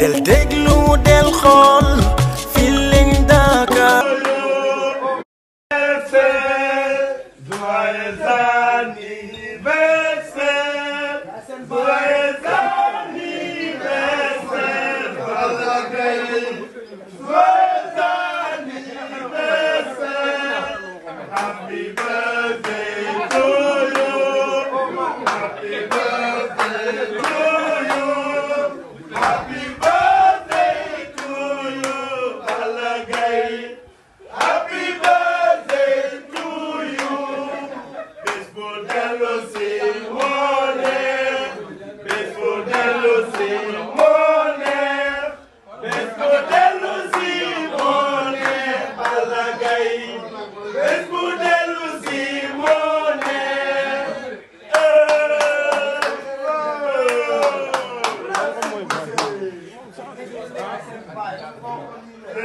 del déglu del xool Feeling Dakar. joyeux anniversaire.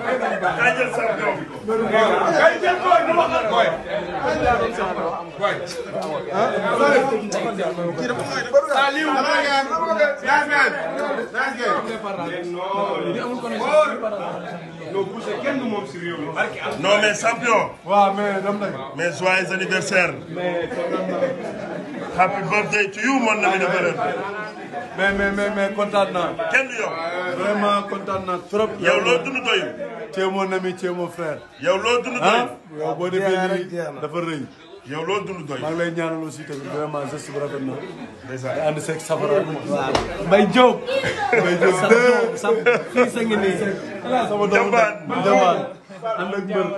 daa jël sa doom. kay jël booy bu waxal booy. booy. ah lii wut. naas ngeen. anniversaire. happy birthday to you mon ami de mais mais mais mais kontaan naa. kenn du yow. trop. yow loo dund doyul. tu es mon ami tu loo dund doyul. ah yow boo defee nii dafa rëy. yow loo dund doyul. maa ngi lay ñaanal aussi tamit vraiment geste bu rafet na. ndeysaan nga ànd seeg safara. waaw Mbaye Diop. Mbaye Diop deux. sama fii sa ngi nii. sama ànd ak mbër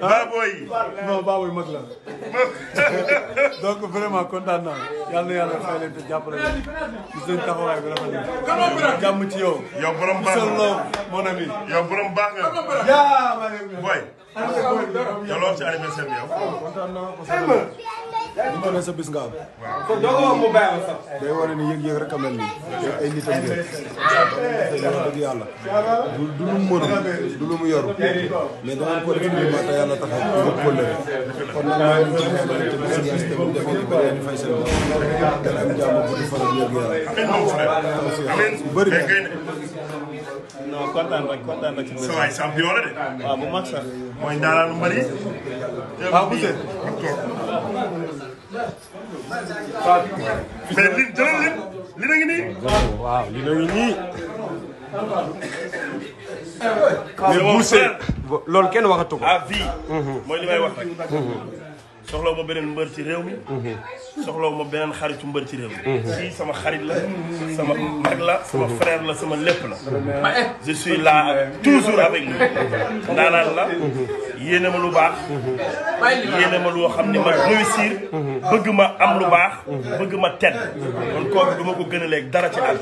baabooy ah, non baabooy mag la donc vraiment kontaan naa yàlla na yàlla fay leen te jàppale leen gis nañ taxawaay bi rafet na jàmm ci yow yow borom baax nga mon ami yow borom baax nga yaa booy te loolu ci anniversaire bi yow kontaan naa li ma ne sa bis nga am. day wane yëg-yëg rek a mel nii. du du du lu mu yor. mais da ngeen ko def yàlla tax a jóg ko lële. kon nag maa ngi ci xelal te bis yaa si tamit defee ci bu di faral yëg yàlla. taw bu non kontaan rek kontaan rek. sa waay champion la de. waaw bu mag sax. mooy ndaaraanu mbër yi. waaw bu dee. mais li jëlal leen li na ngi nii. waaw li na ngi nii. mais Boucher loolu kenn waxatu ko. à vie. mooy li may wax soxlaw ma beneen mbër ci réew mi. soxlaw ma beneen xaritu mbër ci réew mi. Mhm. si sama xarit la sama mag la sama mhm. frère la sama lépp la. Mhm. je suis là toujours avec lui. ndaanaan la. yéene ma lu baax. yéene ma loo xam ne ma réussir. bëgg ma am lu baax. bëgg ma tedd. kon kooku du ma ko gën a dara ci àll.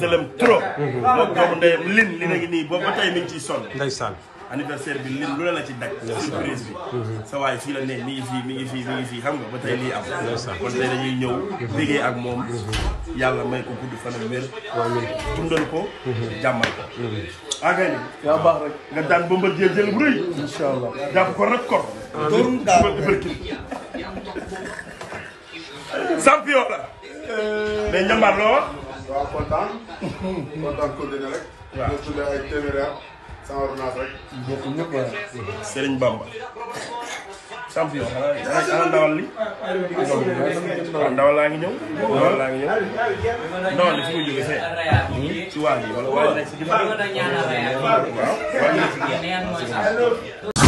je l'aime trop. moom doomu ndeyam lin li na nii boobu ba tey mi sonn. anniversaire bi lim lu la la ci daj. surprise bi. Mm-hmm. sa fii la ne mi ngi fii mi ngi fii mi ngi fii xam nga ba tey lii am. kon tey dañuy ñëw. Mm-hmm. liggéey ak mm-hmm. may ko gudd fan ak wér. dundal ko. jàmmal ko. ah kay. baax rek. nga daan bëmbal jël jël bu rëy. allah jàpp ko rek kor. doorum daal champion la. Euh. sama ordonnance rek. ñëpp ñëpp waaye. Serigne Bamba. champion xanaa ndawal li. ndawal laa ngi ñëw. ndawal laa ngi ñëw. ndawal li fi mu jógee see. ci waa ji wala wala. waaw waaw.